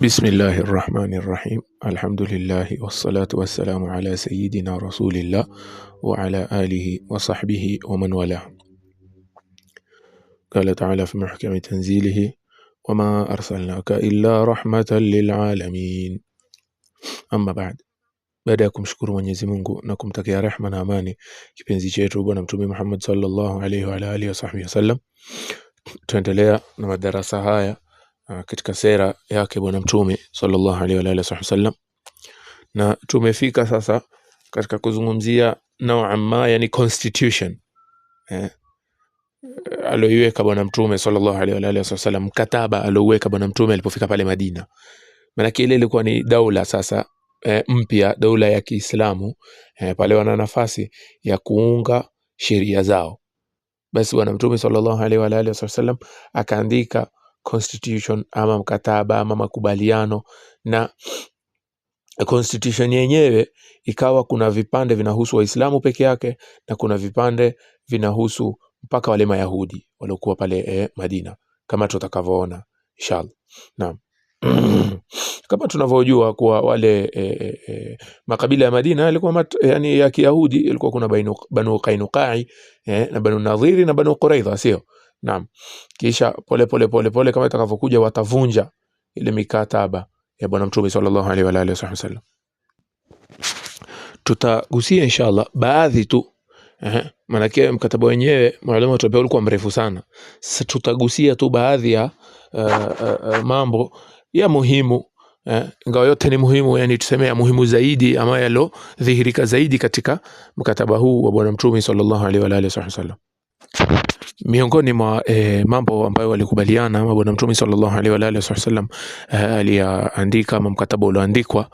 بسم الله الرحمن الرحيم الحمد لله والصلاة والسلام على سيدنا رسول الله وعلى آله وصحبه ومن والاه قال تعالى في محكم تنزيله وما أرسلناك إلا رحمة للعالمين أما بعد baada ya kumshukuru Mwenyezi Mungu na kumtakia rehma na amani kipenzi chetu bwana mtume Muhammad sallallahu alaihi wa alihi wasallam tuendelea na madarasa haya Uh, katika sera yake bwana mtume sallallahu alaihi wa alihi wasallam na tumefika sasa katika kuzungumzia nao amma yani constitution eh, alioiweka bwana mtume sallallahu alaihi wa alihi wasallam mkataba aliouweka bwana mtume alipofika pale Madina maana ile ilikuwa ni daula sasa e, mpya daula ya Kiislamu e, pale wana nafasi ya kuunga sheria zao basi bwana mtume sallallahu alaihi wa alihi wasallam akaandika constitution ama mkataba ama makubaliano na constitution yenyewe ikawa kuna vipande vinahusu waislamu peke yake na kuna vipande vinahusu mpaka wale mayahudi waliokuwa pale eh, madina kama tutakavyoona inshallah kama tunavyojua kuwa wale e, e, e, makabila ya Madina yalikuwa mat, yani ya Kiyahudi ilikuwa kuna Banu Qainuqai e, na Banu Nadhiri na Banu Quraidha sio Naam. Kisha pole pole pole pole kama itakavyokuja watavunja ile mikataba ya bwana mtume sallallahu alaihi wa alihi wasallam. Tutagusia inshallah baadhi tu eh, maanake mkataba wenyewe mwalimu atupea ulikuwa mrefu sana. Sasa tutagusia tu baadhi ya uh, uh, uh, mambo ya muhimu ingawa eh, yote ni muhimu, yani tuseme ya muhimu zaidi ama yalodhihirika zaidi katika mkataba huu wa bwana mtume sallallahu alaihi wa alihi wasallam miongoni mwa e, mambo ambayo walikubaliana ama bwana mtume sallallahu alaihi wa alihi wasallam e, eh, aliyaandika ama mkataba ulioandikwa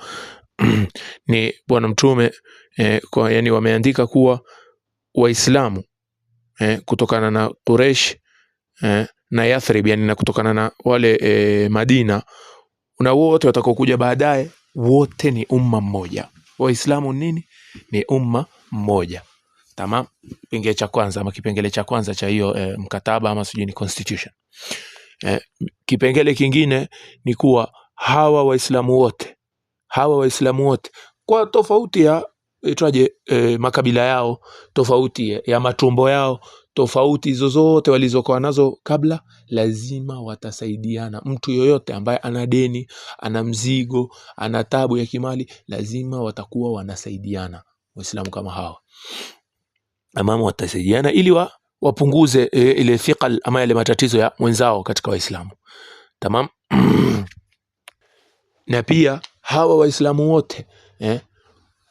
ni bwana mtume e, kwa, yani wameandika kuwa waislamu e, kutokana na Quraysh e, na Yathrib yani na kutokana na wale e, Madina na wote watakaokuja baadaye wote ni umma mmoja waislamu nini ni umma mmoja Tamam, kipengele cha kwanza ama kipengele cha kwanza cha hiyo e, mkataba ama sijui ni constitution e, kipengele kingine ni kuwa hawa Waislamu wote hawa Waislamu wote kwa tofauti ya itaje e, eh, makabila yao tofauti ya matumbo yao tofauti zozote walizokuwa nazo kabla, lazima watasaidiana. Mtu yoyote ambaye ana deni, ana mzigo, ana tabu ya kimali, lazima watakuwa wanasaidiana. Waislamu kama hawa mama watasaidiana ili wa, wapunguze e, ile thiqal ama yale matatizo ya mwenzao katika Waislamu. Tamam. na pia hawa Waislamu wote eh,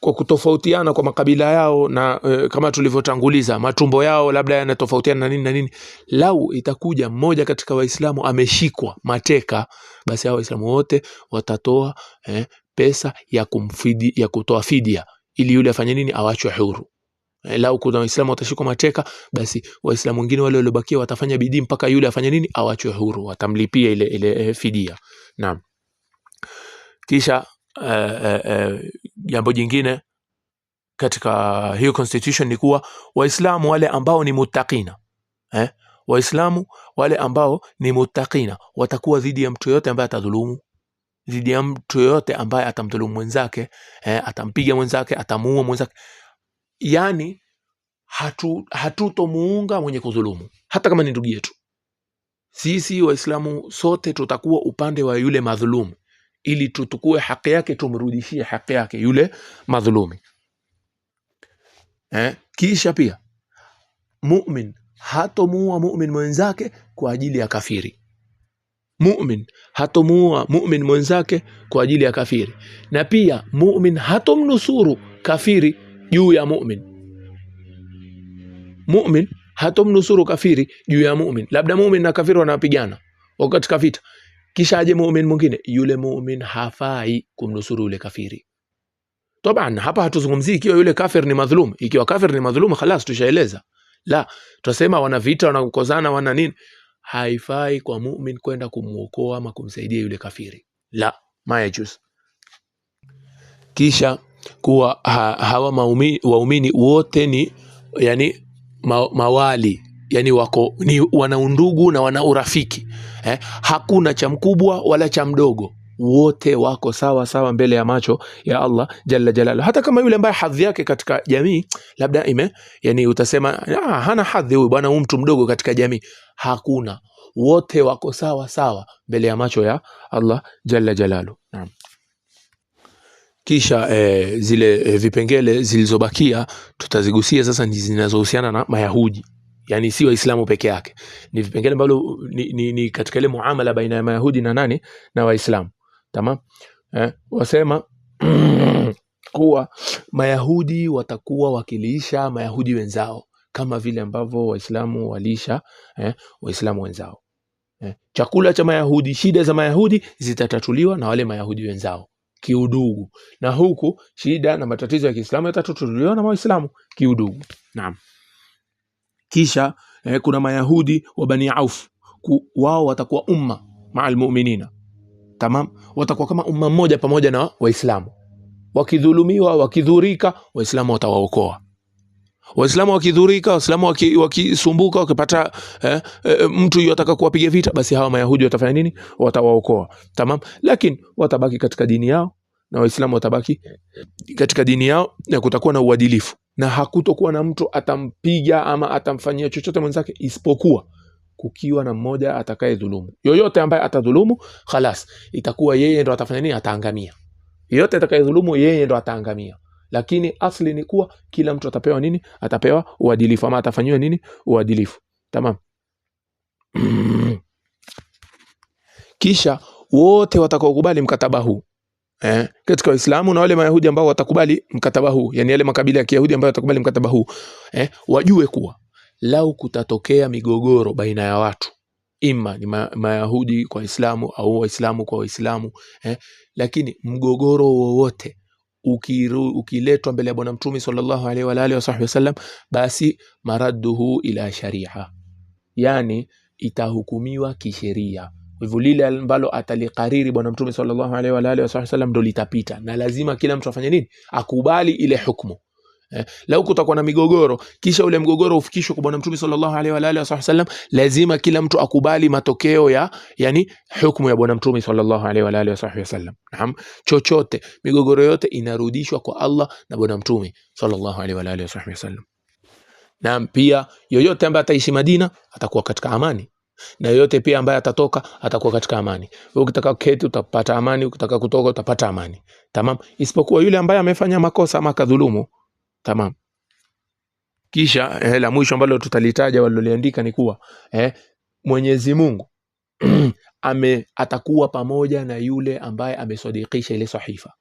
kwa kutofautiana kwa makabila yao na eh, kama tulivyotanguliza matumbo yao labda yanatofautiana na nini na nini, lau itakuja mmoja katika Waislamu ameshikwa mateka, basi hawa Waislamu wote watatoa eh, pesa ya kumfidi, ya kutoa fidia ili yule afanye nini, awachwe huru. Eh, lau kuna waislamu watashikwa mateka basi waislamu wengine wale waliobakia watafanya bidii mpaka yule afanye nini awachwe huru watamlipia ile, ile eh, fidia naam kisha eh, jambo uh, uh, uh, jingine katika hiyo constitution ni kuwa waislamu wale ambao ni mutakina eh? waislamu wale ambao ni mutakina watakuwa dhidi ya mtu yoyote ambaye atadhulumu dhidi ya mtu yoyote ambaye atamdhulumu mwenzake eh? atampiga mwenzake atamuua mwenzake yani hatu hatutomuunga mwenye kudhulumu hata kama ni ndugu yetu sisi waislamu sote tutakuwa upande wa yule madhulumu ili tutukue haki yake tumrudishie haki yake yule madhulumi eh? kisha pia mumin hatomuua mumin mwenzake kwa ajili ya kafiri mumin hatomuua mumin mwenzake kwa ajili ya kafiri na pia mumin hatomnusuru kafiri juu ya mu'min. Mu'min hatomnusuru kafiri juu ya mu'min, labda mu'min na kafiri wanapigana wakati kafita, kisha aje mu'min mwingine, yule mu'min hafai kumnusuru yule kafiri. Taban, hapa hatuzungumzii ikiwa yule kafir ni madhulum. Ikiwa kafir ni madhulum, khalas tushaeleza. La, tunasema wana vita, wanakozana, wana nini, haifai kwa mu'min kwenda kumuokoa ama kumsaidia yule kafiri, la mayajus. Kisha kuwa ha, hawa waumini wote ni yani ma, mawali yani wako ni wana undugu na wana urafiki eh? hakuna cha mkubwa wala cha mdogo wote wako sawa sawa mbele ya macho ya Allah jalla jalala. Hata kama yule ambaye hadhi yake katika jamii labda ime yani, utasema ah, hana hadhi huyu bwana, huyu mtu mdogo katika jamii. Hakuna, wote wako sawa sawa mbele ya macho ya Allah jalla jalalu. Naam. Kisha e, zile e, vipengele zilizobakia tutazigusia sasa, ni zinazohusiana na Mayahudi, yani si Waislamu peke yake, ni vipengele ambavyo ni, ni, ni katika ile muamala baina ya Mayahudi na nani na Waislamu. Tamam, eh, wasema kuwa Mayahudi watakuwa wakiliisha Mayahudi wenzao kama vile ambavyo Waislamu waliisha eh, Waislamu wenzao eh. Chakula cha Mayahudi, shida za Mayahudi zitatatuliwa na wale Mayahudi wenzao kiudugu, na huku shida na matatizo ya Kiislamu yatatatuliwa na Waislamu kiudugu. Naam. Kisha eh, kuna Mayahudi wa Bani Auf, wao watakuwa umma maal muminina, tamam, watakuwa kama umma mmoja pamoja na Waislamu, wakidhulumiwa, wakidhurika, Waislamu watawaokoa Waislamu wakidhurika, Waislamu wakisumbuka, waki wakipata eh, eh, mtu yataka kuwapiga vita, basi hawa Mayahudi watafanya nini? Watawaokoa, tamam, lakini watabaki katika dini yao na Waislamu watabaki katika dini yao, na kutakuwa na uadilifu na hakutokuwa na mtu atampiga ama atamfanyia chochote mwenzake, isipokuwa kukiwa na mmoja atakaye dhulumu. Yoyote ambaye atadhulumu, khalas, itakuwa yeye ndo atafanya nini? Ataangamia. Yoyote atakaye dhulumu, yeye ndo ataangamia lakini asli ni kuwa kila mtu atapewa nini atapewa uadilifu ama atafanyiwa nini uadilifu tamam kisha wote watakaokubali mkataba huu eh, katika Waislamu na wale Mayahudi ambao watakubali mkataba huu, yani yale makabila ya Kiyahudi ambayo watakubali mkataba huu eh, wajue kuwa lau kutatokea migogoro baina ya watu ima ni ma Mayahudi kwa Waislamu au Waislamu kwa Waislamu eh, lakini mgogoro wowote ukiletwa mbele ya bwana mtume sallallahu alaihi wa alihi wasahbihi wasallam basi maradduhu ila sharia yani itahukumiwa kisheria hivyo lile ambalo atalikariri bwana mtume sallallahu alaihi wa alihi wasallam ndo litapita na lazima kila mtu afanye nini akubali ile hukmu eh, huko kutakuwa na migogoro kisha ule mgogoro ufikishwe kwa bwana mtume sallallahu alaihi wa alihi wasallam lazima kila mtu akubali matokeo ya yani hukumu ya bwana mtume sallallahu alaihi wa alihi wasallam naam chochote migogoro yote inarudishwa kwa Allah na bwana mtume sallallahu alaihi wa alihi wasallam naam pia yoyote ambaye ataishi Madina atakuwa katika amani na yoyote pia ambaye atatoka atakuwa katika amani. Wewe ukitaka kuketi utapata amani, ukitaka kutoka utapata amani, tamam, isipokuwa yule ambaye amefanya makosa ama kadhulumu Tamam. Kisha eh, la mwisho ambalo tutalitaja waliloliandika ni kuwa eh, Mwenyezi Mungu ame atakuwa pamoja na yule ambaye amesadikisha ile sahifa,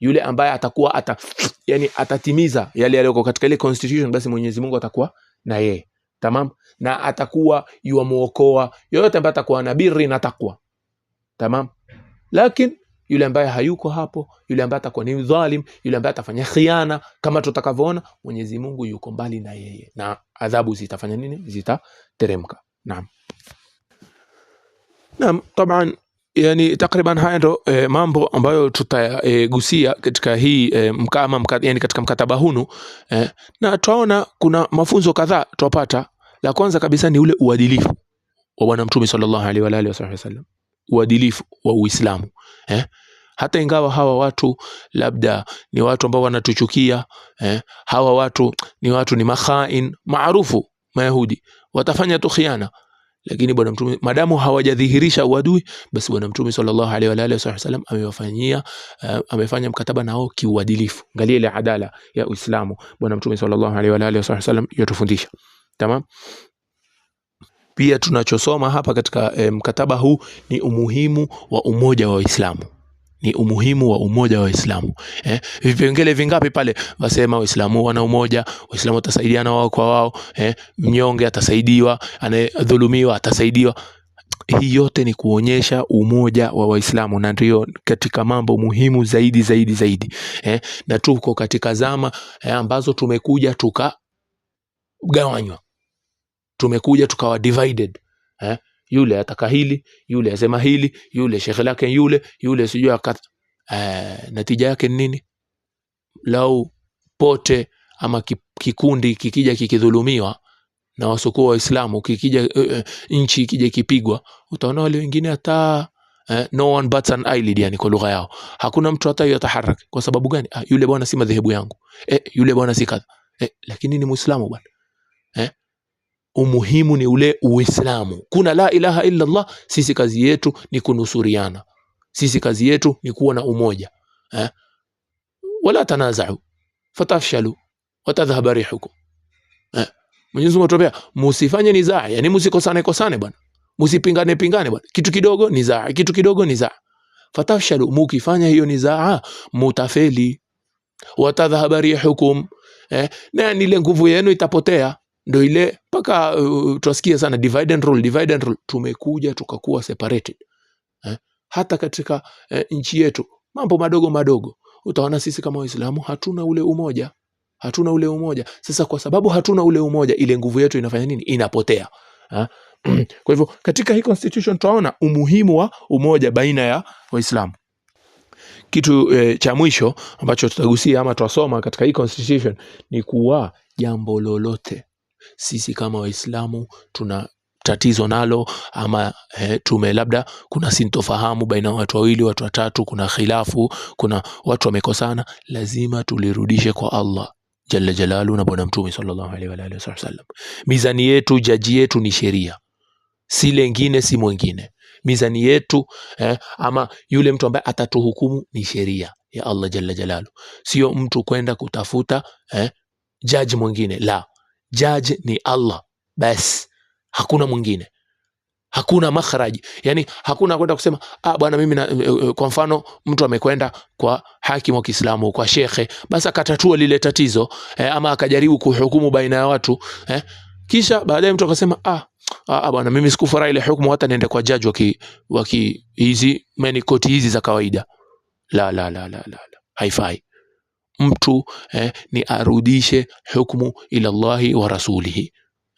yule ambaye atakuwa ata, yani atatimiza yale yaliyoko katika ile constitution, basi Mwenyezi Mungu atakuwa na yeye tamam, na atakuwa yuamuokoa yoyote ambaye atakuwa na na takwa tamam, lakini yule ambaye hayuko hapo, yule ambaye atakuwa ni dhalim, yule ambaye atafanya khiana, kama tutakavyoona Mwenyezi Mungu yuko mbali na yeye, na adhabu zitafanya nini? Zitateremka. Naam, naam, taban Yani takriban haya ndo e, mambo ambayo tutagusia e, eh, katika hii e, mkama mka, yani katika mkataba hunu e, na twaona kuna mafunzo kadhaa twapata. La kwanza kabisa ni ule uadilifu wa Bwana Mtume sallallahu alaihi wa alihi wasallam uadilifu wa Uislamu eh? hata ingawa hawa watu labda ni watu ambao wanatuchukia eh? hawa watu ni watu ni makhain maarufu Mayahudi watafanya tu khiana, lakini bwana mtume madamu hawajadhihirisha uadui, basi bwana mtume sallallahu alaihi wa alihi wasallam amewafanyia uh, amefanya mkataba nao kiuadilifu. Angalia ile adala ya Uislamu bwana mtume sallallahu alaihi wa alihi wasallam yotufundisha. Tamam. Pia tunachosoma hapa katika eh, mkataba huu ni umuhimu wa umoja wa Waislamu ni umuhimu wa umoja wa Waislamu eh, vipengele vingapi pale? Wasema Waislamu wana umoja, Waislamu watasaidiana wao kwa wao eh, mnyonge atasaidiwa, anayedhulumiwa atasaidiwa. Hii yote ni kuonyesha umoja wa Waislamu, na ndio katika mambo muhimu zaidi zaidi zaidi eh, na tuko katika zama eh, ambazo tumekuja tukagawanywa tumekuja tukawa divided eh? yule ataka hili yule asema hili yule shekhe lake yule yule sijui akat eh, natija yake nini lau pote ama kikundi kikija kikidhulumiwa na wasukuu waislamu kikija uh, uh, nchi ikija ikipigwa utaona wale wengine hata Uh, no one but an eyelid yani kwa lugha yao hakuna mtu hata yataharaki kwa sababu gani ah, yule bwana si madhehebu yangu eh, yule bwana si kadha eh, lakini ni muislamu bwana eh, umuhimu ni ule Uislamu. Kuna la ilaha illa Allah, sisi kazi yetu ni kunusuriana, sisi kazi yetu ni kuwa na umoja eh? wala tanazau fatafshalu watadhhaba rihukum eh? Mwenyezi Mungu atuambia musifanye nizaa, yani musikosane kosane bwana, musipingane pingane bwana, kitu kidogo nizaa, kitu kidogo nizaa. Fatafshalu, mukifanya hiyo nizaa mutafeli, watadhhaba rihukum eh? na ile nguvu yenu itapotea ndo ile mpaka uh, tunasikia sana divide and rule, divide and rule. Tumekuja tukakuwa separated eh? Hata katika eh, nchi yetu mambo madogo madogo utaona sisi kama Waislamu hatuna ule umoja, hatuna ule umoja. Sasa kwa sababu hatuna ule umoja, ile nguvu yetu inafanya nini? Inapotea eh? Kwa hivyo katika hii constitution tunaona umuhimu wa umoja baina ya Waislamu. Kitu eh, cha mwisho ambacho tutagusia ama tutasoma katika hii constitution ni kuwa jambo lolote sisi kama waislamu tuna tatizo nalo ama he, eh, tume labda kuna sintofahamu baina ya watu wawili watu watatu kuna khilafu kuna watu wamekosana lazima tulirudishe kwa allah jalla jalalu na bwana mtume sallallahu alaihi wa alihi wasallam mizani yetu jaji yetu ni sheria si lengine si mwingine mizani yetu eh, ama yule mtu ambaye atatuhukumu ni sheria ya allah jalla jalalu sio mtu kwenda kutafuta eh, jaji mwingine la jaji ni Allah basi, hakuna mwingine, hakuna makhraji. Yani hakuna kwenda kusema ah, bwana mimi na, eh, eh, eh, kwa mfano mtu amekwenda kwa hakimu wa Kiislamu, kwa shekhe, basi akatatua lile tatizo eh, ama akajaribu kuhukumu baina ya watu eh, kisha baadaye mtu akasema ah, ah, ah bwana mimi sikufurahi ile hukumu, hata niende kwa jaji waki waki hizi meni koti hizi za kawaida. La, la, la, la, la, la. haifai mtu eh, ni arudishe hukmu ila Allahi wa rasulihi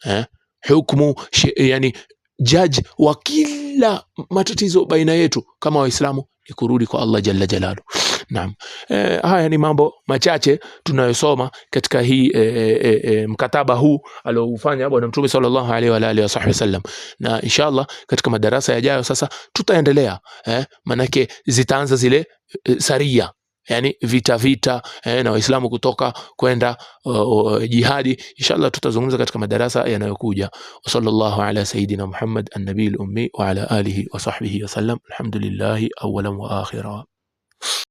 eh, hukmu yani judge wa kila matatizo baina yetu kama Waislamu ni kurudi kwa Allah jalla jalalu. Naam. E, haya ni mambo machache tunayosoma katika hii e, e, e, mkataba huu alioufanya Bwana Mtume sallallahu alaihi wa alihi wasallam, na inshallah katika madarasa yajayo sasa tutaendelea eh, manake zitaanza zile e, saria yani vita vita eh, na Waislamu kutoka kwenda uh, uh, jihadi. Inshallah tutazungumza katika madarasa yanayokuja. sallallahu ala sayidina Muhammad an-nabiyil ummi wa ala alihi wa sahbihi sallam. Alhamdulillah awwalan wa akhira.